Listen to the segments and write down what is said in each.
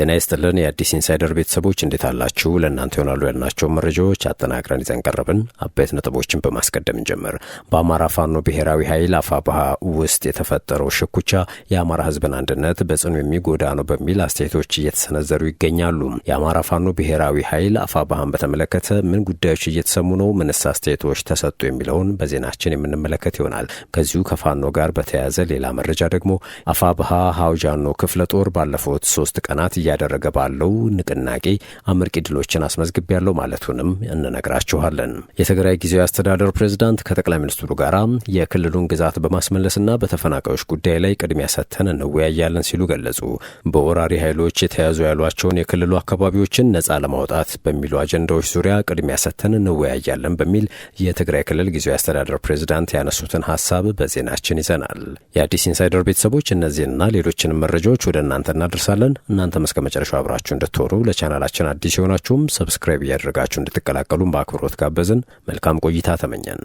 ጤና ይስጥልን የአዲስ ኢንሳይደር ቤተሰቦች እንዴት አላችሁ? ለእናንተ ይሆናሉ ያልናቸው መረጃዎች አጠናቅረን ይዘን ቀረብን። አበይት ነጥቦችን በማስቀደም ጀምር በአማራ ፋኖ ብሔራዊ ኃይል አፋብሃ ውስጥ የተፈጠረው ሽኩቻ የአማራ ህዝብን አንድነት በጽኑ የሚጎዳ ነው በሚል አስተያየቶች እየተሰነዘሩ ይገኛሉ። የአማራ ፋኖ ብሔራዊ ኃይል አፋብሃን በተመለከተ ምን ጉዳዮች እየተሰሙ ነው? ምንስ አስተያየቶች ተሰጡ? የሚለውን በዜናችን የምንመለከት ይሆናል። ከዚሁ ከፋኖ ጋር በተያያዘ ሌላ መረጃ ደግሞ አፋብሃ ሀውጃኖ ክፍለ ጦር ባለፉት ሶስት ቀናት እያደረገ ባለው ንቅናቄ አመርቂ ድሎችን አስመዝግብ ያለው ማለቱንም እንነግራችኋለን። የትግራይ ጊዜያዊ አስተዳደር ፕሬዝዳንት ከጠቅላይ ሚኒስትሩ ጋር የክልሉን ግዛት በማስመለስና በተፈናቃዮች ጉዳይ ላይ ቅድሚያ ሰጥተን እንወያያለን ሲሉ ገለጹ። በወራሪ ኃይሎች የተያዙ ያሏቸውን የክልሉ አካባቢዎችን ነጻ ለማውጣት በሚሉ አጀንዳዎች ዙሪያ ቅድሚያ ሰጥተን እንወያያለን በሚል የትግራይ ክልል ጊዜያዊ አስተዳደር ፕሬዝዳንት ያነሱትን ሀሳብ በዜናችን ይዘናል። የአዲስ ኢንሳይደር ቤተሰቦች እነዚህንና ሌሎችንም መረጃዎች ወደ እናንተ እናደርሳለን። እናንተ እስከ መጨረሻው አብራችሁ እንድትሆኑ ለቻናላችን አዲስ የሆናችሁም ሰብስክራይብ እያደረጋችሁ እንድትቀላቀሉም በአክብሮት ጋበዝን። መልካም ቆይታ ተመኘን።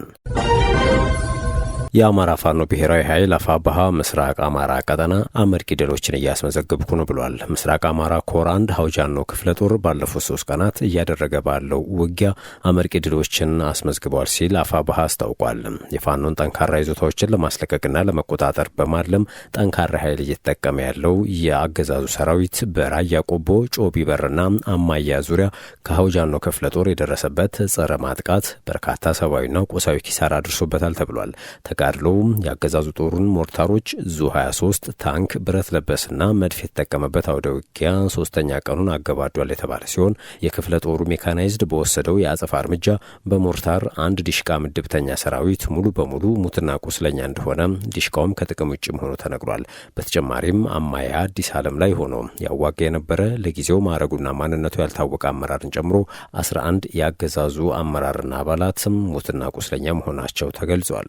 የአማራ ፋኖ ብሔራዊ ኃይል አፋባሃ ምስራቅ አማራ ቀጠና አመርቂ ድሎችን እያስመዘገብኩ ነው ብሏል። ምስራቅ አማራ ኮር አንድ ሀውጃኖ ክፍለ ጦር ባለፉት ሶስት ቀናት እያደረገ ባለው ውጊያ አመርቂ ድሎችን አስመዝግቧል ሲል አፋባሃ አስታውቋል። የፋኖን ጠንካራ ይዞታዎችን ለማስለቀቅና ለመቆጣጠር በማለም ጠንካራ ኃይል እየተጠቀመ ያለው የአገዛዙ ሰራዊት በራያ ቆቦ፣ ጮቢ በርና አማያ ዙሪያ ከሀውጃኖ ክፍለ ጦር የደረሰበት ጸረ ማጥቃት በርካታ ሰብአዊና ቁሳዊ ኪሳራ አድርሶበታል ተብሏል። ተጋድሎ የአገዛዙ ጦሩን ሞርታሮች፣ ዙ 23 ታንክ፣ ብረት ለበስና መድፍ የተጠቀመበት አውደ ውጊያ ሶስተኛ ቀኑን አገባዷል የተባለ ሲሆን የክፍለ ጦሩ ሜካናይዝድ በወሰደው የአጸፋ እርምጃ በሞርታር አንድ ዲሽቃ ምድብተኛ ሰራዊት ሙሉ በሙሉ ሙትና ቁስለኛ እንደሆነ፣ ዲሽቃውም ከጥቅም ውጭ መሆኑ ተነግሯል። በተጨማሪም አማያ አዲስ ዓለም ላይ ሆኖ ያዋጋ የነበረ ለጊዜው ማዕረጉና ማንነቱ ያልታወቀ አመራርን ጨምሮ 11 ያገዛዙ አመራርና አባላት ሙትና ቁስለኛ መሆናቸው ተገልጿል።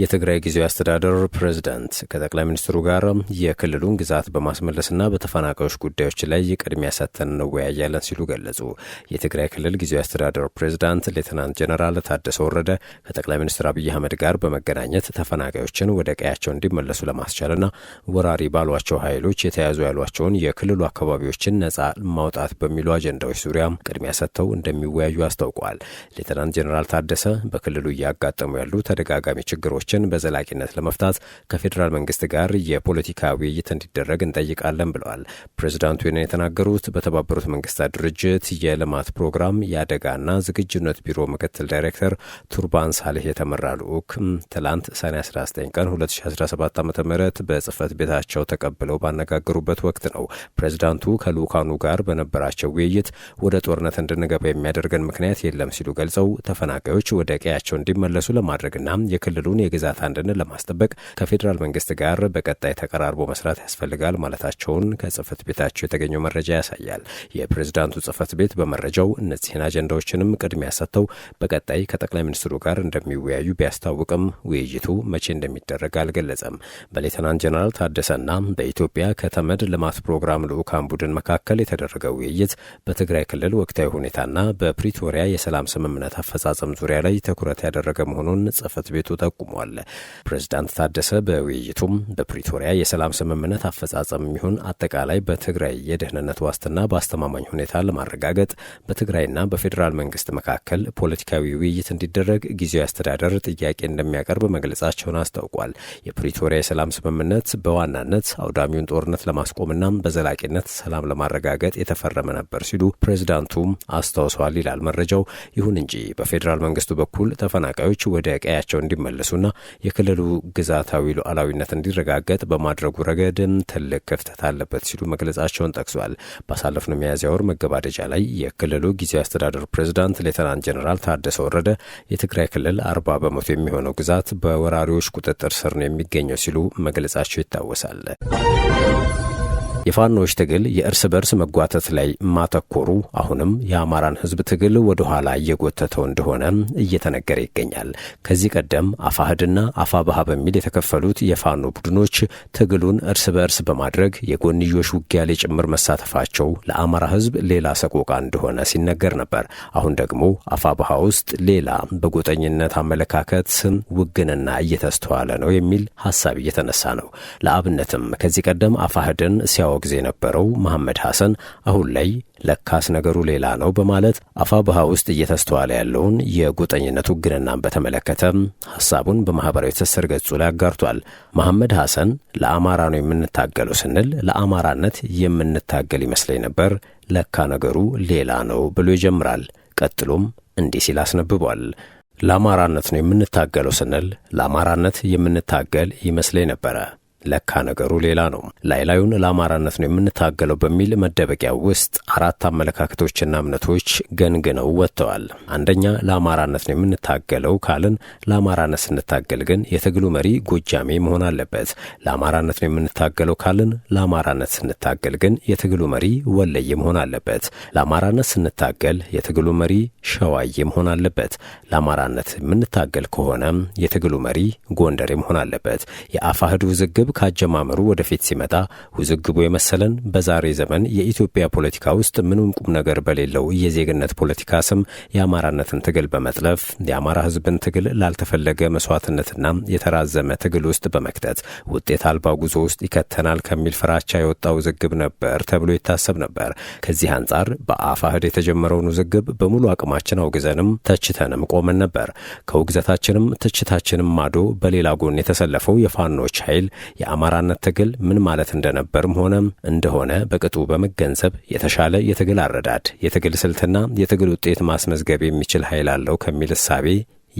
የትግራይ ጊዜያዊ አስተዳደር ፕሬዝዳንት ከጠቅላይ ሚኒስትሩ ጋር የክልሉን ግዛት በማስመለስና በተፈናቃዮች ጉዳዮች ላይ ቅድሚያ ሰጥተን እንወያያለን ሲሉ ገለጹ። የትግራይ ክልል ጊዜያዊ አስተዳደር ፕሬዝዳንት ሌትናንት ጀነራል ታደሰ ወረደ ከጠቅላይ ሚኒስትር አብይ አህመድ ጋር በመገናኘት ተፈናቃዮችን ወደ ቀያቸው እንዲመለሱ ለማስቻልና ወራሪ ባሏቸው ኃይሎች የተያዙ ያሏቸውን የክልሉ አካባቢዎችን ነጻ ማውጣት በሚሉ አጀንዳዎች ዙሪያ ቅድሚያ ሰጥተው እንደሚወያዩ አስታውቋል። ሌትናንት ጀነራል ታደሰ በክልሉ እያጋጠሙ ያሉ ተደጋጋሚ ችግሮች ችግሮችን በዘላቂነት ለመፍታት ከፌዴራል መንግስት ጋር የፖለቲካ ውይይት እንዲደረግ እንጠይቃለን ብለዋል። ፕሬዚዳንቱ ይህን የተናገሩት በተባበሩት መንግስታት ድርጅት የልማት ፕሮግራም የአደጋና ዝግጁነት ቢሮ ምክትል ዳይሬክተር ቱርባን ሳሌህ የተመራ ልዑክ ትላንት ሰኔ 19 ቀን 2017 ዓ ም በጽህፈት ቤታቸው ተቀብለው ባነጋገሩበት ወቅት ነው። ፕሬዚዳንቱ ከልዑካኑ ጋር በነበራቸው ውይይት ወደ ጦርነት እንድንገባ የሚያደርገን ምክንያት የለም ሲሉ ገልጸው ተፈናቃዮች ወደ ቀያቸው እንዲመለሱ ለማድረግና የክልሉን የግዛት አንድነት ለማስጠበቅ ከፌዴራል መንግስት ጋር በቀጣይ ተቀራርቦ መስራት ያስፈልጋል ማለታቸውን ከጽህፈት ቤታቸው የተገኘው መረጃ ያሳያል። የፕሬዝዳንቱ ጽህፈት ቤት በመረጃው እነዚህን አጀንዳዎችንም ቅድሚያ ሰጥተው በቀጣይ ከጠቅላይ ሚኒስትሩ ጋር እንደሚወያዩ ቢያስታውቅም ውይይቱ መቼ እንደሚደረግ አልገለጸም። በሌተናንት ጀነራል ታደሰና በኢትዮጵያ ከተመድ ልማት ፕሮግራም ልዑካን ቡድን መካከል የተደረገ ውይይት በትግራይ ክልል ወቅታዊ ሁኔታና በፕሪቶሪያ የሰላም ስምምነት አፈጻጸም ዙሪያ ላይ ትኩረት ያደረገ መሆኑን ጽህፈት ቤቱ ጠቁሟል። ተናግረዋል። ፕሬዚዳንት ታደሰ በውይይቱም በፕሪቶሪያ የሰላም ስምምነት አፈጻጸም ይሁን አጠቃላይ በትግራይ የደህንነት ዋስትና በአስተማማኝ ሁኔታ ለማረጋገጥ በትግራይና በፌዴራል መንግስት መካከል ፖለቲካዊ ውይይት እንዲደረግ ጊዜያዊ አስተዳደር ጥያቄ እንደሚያቀርብ መግለጻቸውን አስታውቋል። የፕሪቶሪያ የሰላም ስምምነት በዋናነት አውዳሚውን ጦርነት ለማስቆምና በዘላቂነት ሰላም ለማረጋገጥ የተፈረመ ነበር ሲሉ ፕሬዚዳንቱም አስታውሰዋል ይላል መረጃው። ይሁን እንጂ በፌዴራል መንግስቱ በኩል ተፈናቃዮች ወደ ቀያቸው እንዲመለሱና የክልሉ ግዛታዊ ሉዓላዊነት እንዲረጋገጥ በማድረጉ ረገድም ትልቅ ክፍተት አለበት ሲሉ መግለጻቸውን ጠቅሷል። ባሳለፍነው ሚያዝያ ወር መገባደጃ ላይ የክልሉ ጊዜያዊ አስተዳደር ፕሬዚዳንት ሌተናንት ጀኔራል ታደሰ ወረደ የትግራይ ክልል አርባ በመቶ የሚሆነው ግዛት በወራሪዎች ቁጥጥር ስር ነው የሚገኘው ሲሉ መግለጻቸው ይታወሳል። የፋኖች ትግል የእርስ በርስ መጓተት ላይ ማተኮሩ አሁንም የአማራን ህዝብ ትግል ወደ ኋላ እየጎተተው እንደሆነ እየተነገረ ይገኛል። ከዚህ ቀደም አፋህድና አፋብሃ በሚል የተከፈሉት የፋኖ ቡድኖች ትግሉን እርስ በርስ በማድረግ የጎንዮሽ ውጊያ ላይ ጭምር መሳተፋቸው ለአማራ ህዝብ ሌላ ሰቆቃ እንደሆነ ሲነገር ነበር። አሁን ደግሞ አፋብሃ ውስጥ ሌላ በጎጠኝነት አመለካከት ውግንና እየተስተዋለ ነው የሚል ሀሳብ እየተነሳ ነው። ለአብነትም ከዚህ ቀደም አፋህድን ሲያወ ጊዜ የነበረው መሐመድ ሐሰን አሁን ላይ ለካስ ነገሩ ሌላ ነው በማለት ብሃ ውስጥ እየተስተዋለ ያለውን የጎጠኝነት ውግንናን በተመለከተ ሐሳቡን በማኅበራዊ ትስስር ገጹ ላይ አጋርቷል። መሐመድ ሐሰን ለአማራ ነው የምንታገለው ስንል ለአማራነት የምንታገል ይመስለኝ ነበር፣ ለካ ነገሩ ሌላ ነው ብሎ ይጀምራል። ቀጥሎም እንዲህ ሲል አስነብቧል። ለአማራነት ነው የምንታገለው ስንል ለአማራነት የምንታገል ይመስለኝ ነበረ ለካ ነገሩ ሌላ ነው። ላይላዩን ለአማራነት ነው የምንታገለው በሚል መደበቂያ ውስጥ አራት አመለካከቶችና እምነቶች ገንግነው ወጥተዋል። አንደኛ ለአማራነት ነው የምንታገለው ካልን ለአማራነት ስንታገል ግን የትግሉ መሪ ጎጃሜ መሆን አለበት። ለአማራነት ነው የምንታገለው ካልን ለአማራነት ስንታገል ግን የትግሉ መሪ ወለዬ መሆን አለበት። ለአማራነት ስንታገል የትግሉ መሪ ሸዋዬ መሆን አለበት። ለአማራነት የምንታገል ከሆነ የትግሉ መሪ ጎንደሬ መሆን አለበት። የአፋህዱ ውዝግብ ውዝግብ ካጀማመሩ ወደፊት ሲመጣ ውዝግቡ የመሰለን በዛሬ ዘመን የኢትዮጵያ ፖለቲካ ውስጥ ምንም ቁም ነገር በሌለው የዜግነት ፖለቲካ ስም የአማራነትን ትግል በመጥለፍ የአማራ ሕዝብን ትግል ላልተፈለገ መስዋዕትነትና የተራዘመ ትግል ውስጥ በመክተት ውጤት አልባ ጉዞ ውስጥ ይከተናል ከሚል ፍራቻ የወጣ ውዝግብ ነበር ተብሎ ይታሰብ ነበር። ከዚህ አንጻር በአፋህድ የተጀመረውን ውዝግብ በሙሉ አቅማችን አውግዘንም ተችተንም ቆመን ነበር። ከውግዘታችንም ትችታችንም ማዶ በሌላ ጎን የተሰለፈው የፋኖች ኃይል የአማራነት ትግል ምን ማለት እንደነበርም ሆነም እንደሆነ በቅጡ በመገንዘብ የተሻለ የትግል አረዳድ፣ የትግል ስልትና የትግል ውጤት ማስመዝገብ የሚችል ኃይል አለው ከሚል እሳቤ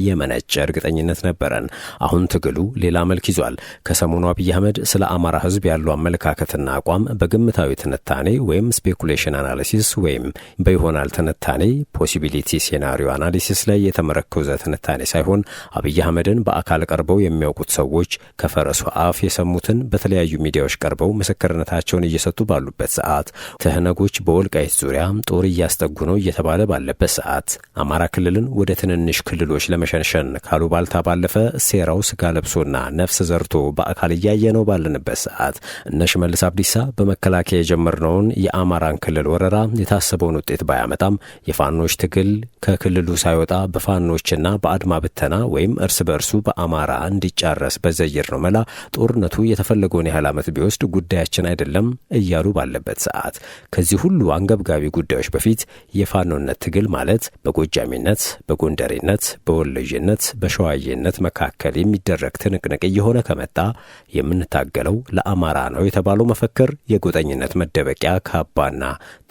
የመነጨ እርግጠኝነት ነበረን። አሁን ትግሉ ሌላ መልክ ይዟል። ከሰሞኑ አብይ አህመድ ስለ አማራ ህዝብ ያለው አመለካከትና አቋም በግምታዊ ትንታኔ ወይም ስፔኩሌሽን አናሊሲስ ወይም በይሆናል ትንታኔ ፖሲቢሊቲ ሴናሪዮ አናሊሲስ ላይ የተመረኮዘ ትንታኔ ሳይሆን አብይ አህመድን በአካል ቀርበው የሚያውቁት ሰዎች ከፈረሱ አፍ የሰሙትን በተለያዩ ሚዲያዎች ቀርበው ምስክርነታቸውን እየሰጡ ባሉበት ሰዓት፣ ትህነጎች በወልቃይት ዙሪያ ጦር እያስጠጉ ነው እየተባለ ባለበት ሰዓት፣ አማራ ክልልን ወደ ትንንሽ ክልሎች ለመ ከመሸንሸን ባልታ ባለፈ ሴራው ስጋ ለብሶና ነፍስ ዘርቶ በአካል እያየነው ባለንበት ሰዓት እነ ሽመልስ አብዲሳ በመከላከያ የጀመርነውን የአማራን ክልል ወረራ የታሰበውን ውጤት ባያመጣም የፋኖች ትግል ከክልሉ ሳይወጣ በፋኖችና በአድማ ብተና ወይም እርስ በእርሱ በአማራ እንዲጫረስ በዘይር ነው መላ ጦርነቱ የተፈለገውን ያህል ዓመት ቢወስድ ጉዳያችን አይደለም እያሉ ባለበት ሰዓት ከዚህ ሁሉ አንገብጋቢ ጉዳዮች በፊት የፋኖነት ትግል ማለት በጎጃሚነት፣ በጎንደሬነት፣ በወ ወለዥነት በሸዋዬነት መካከል የሚደረግ ትንቅንቅ እየሆነ ከመጣ የምንታገለው ለአማራ ነው የተባለው መፈክር የጎጠኝነት መደበቂያ ካባና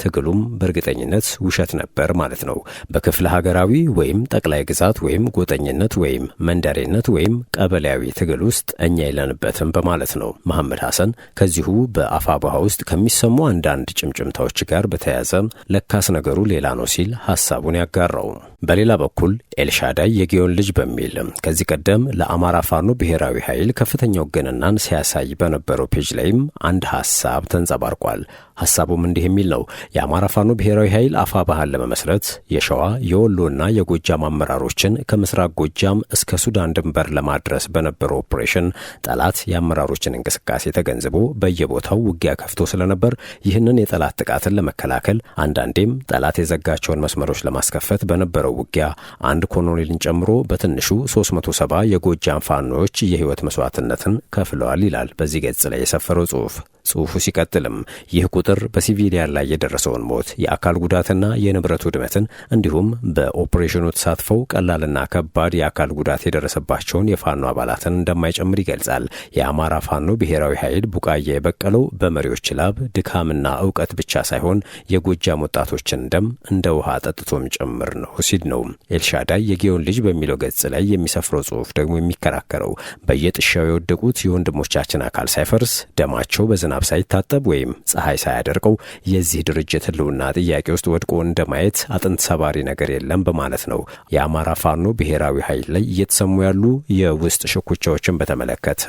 ትግሉም በእርግጠኝነት ውሸት ነበር ማለት ነው። በክፍለ ሀገራዊ ወይም ጠቅላይ ግዛት ወይም ጎጠኝነት ወይም መንደሬነት ወይም ቀበሌያዊ ትግል ውስጥ እኛ የለንበትም በማለት ነው። መሐመድ ሐሰን ከዚሁ በአፋብኃ ውስጥ ከሚሰሙ አንዳንድ ጭምጭምታዎች ጋር በተያያዘ ለካስ ነገሩ ሌላ ነው ሲል ሀሳቡን ያጋራው። በሌላ በኩል ኤልሻዳይ የጌዮን ልጅ በሚል ከዚህ ቀደም ለአማራ ፋኖ ብሔራዊ ኃይል ከፍተኛ ውግንናን ሲያሳይ በነበረው ፔጅ ላይም አንድ ሀሳብ ተንጸባርቋል። ሀሳቡም እንዲህ የሚል ነው። የአማራ ፋኖ ብሔራዊ ኃይል አፋ ባህል ለመመስረት የሸዋ የወሎና የጎጃም አመራሮችን ከምስራቅ ጎጃም እስከ ሱዳን ድንበር ለማድረስ በነበረው ኦፕሬሽን ጠላት የአመራሮችን እንቅስቃሴ ተገንዝቦ በየቦታው ውጊያ ከፍቶ ስለነበር ይህንን የጠላት ጥቃትን ለመከላከል አንዳንዴም ጠላት የዘጋቸውን መስመሮች ለማስከፈት በነበረው ውጊያ አንድ ኮሎኔልን ጨምሮ በትንሹ 370 የጎጃም ፋኖዎች የህይወት መስዋዕትነትን ከፍለዋል ይላል በዚህ ገጽ ላይ የሰፈረው ጽሁፍ። ጽሁፉ ሲቀጥልም ይህ ቁጥር በሲቪሊያን ላይ የደረሰውን ሞት፣ የአካል ጉዳትና የንብረት ውድመትን እንዲሁም በኦፕሬሽኑ ተሳትፈው ቀላልና ከባድ የአካል ጉዳት የደረሰባቸውን የፋኖ አባላትን እንደማይጨምር ይገልጻል። የአማራ ፋኖ ብሔራዊ ኃይል ቡቃያ የበቀለው በመሪዎች ላብ ድካምና እውቀት ብቻ ሳይሆን የጎጃም ወጣቶችን ደም እንደ ውሃ ጠጥቶም ጭምር ነው ሲል ነው ኤልሻዳይ የጌዮን ልጅ በሚለው ገጽ ላይ የሚሰፍረው ጽሑፍ ደግሞ የሚከራከረው። በየጥሻው የወደቁት የወንድሞቻችን አካል ሳይፈርስ፣ ደማቸው በዝናብ ሳይታጠብ ወይም ፀሐይ ሳይ ሳያደርገው የዚህ ድርጅት ህልውና ጥያቄ ውስጥ ወድቆ እንደማየት አጥንት ሰባሪ ነገር የለም በማለት ነው የአማራ ፋኖ ብሔራዊ ኃይል ላይ እየተሰሙ ያሉ የውስጥ ሽኩቻዎችን በተመለከተ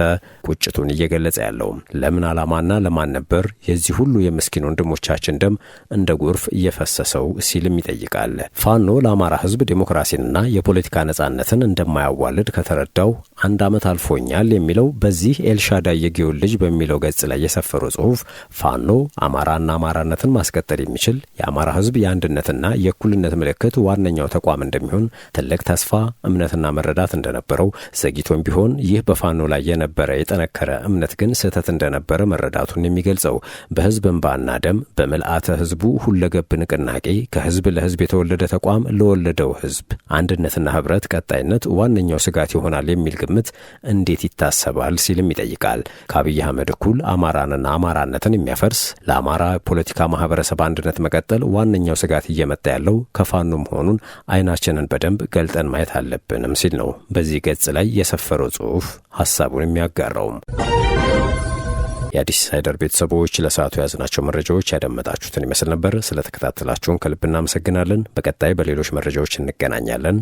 ቁጭቱን እየገለጸ ያለው። ለምን ዓላማና ለማን ነበር የዚህ ሁሉ የምስኪን ወንድሞቻችን ደም እንደ ጎርፍ እየፈሰሰው ሲልም ይጠይቃል። ፋኖ ለአማራ ህዝብ ዴሞክራሲንና የፖለቲካ ነጻነትን እንደማያዋልድ ከተረዳው አንድ ዓመት አልፎኛል የሚለው በዚህ ኤልሻዳይ የጊዮን ልጅ በሚለው ገጽ ላይ የሰፈረው ጽሁፍ ፋኖ አማራና አማራነትን ማስቀጠል የሚችል የአማራ ህዝብ የአንድነትና የእኩልነት ምልክት ዋነኛው ተቋም እንደሚሆን ትልቅ ተስፋ እምነትና መረዳት እንደነበረው ዘግይቶም ቢሆን ይህ በፋኖ ላይ የነበረ የጠነከረ እምነት ግን ስህተት እንደነበረ መረዳቱን የሚገልጸው በህዝብ እንባና ደም በምልአተ ህዝቡ ሁለገብ ንቅናቄ ከህዝብ ለህዝብ የተወለደ ተቋም ለወለደው ህዝብ አንድነትና ህብረት ቀጣይነት ዋነኛው ስጋት ይሆናል የሚል ግምት እንዴት ይታሰባል ሲልም ይጠይቃል። ከአብይ አህመድ እኩል አማራንና አማራነትን የሚያፈርስ ለአማ የአማራ ፖለቲካ ማህበረሰብ አንድነት መቀጠል ዋነኛው ስጋት እየመጣ ያለው ከፋኖ መሆኑን አይናችንን በደንብ ገልጠን ማየት አለብንም ሲል ነው በዚህ ገጽ ላይ የሰፈረው ጽሁፍ ሀሳቡን የሚያጋራውም። የአዲስ ኢንሳይደር ቤተሰቦች ለሰዓቱ የያዝናቸው መረጃዎች ያደመጣችሁትን ይመስል ነበር። ስለተከታተላችሁን ከልብ እናመሰግናለን። በቀጣይ በሌሎች መረጃዎች እንገናኛለን።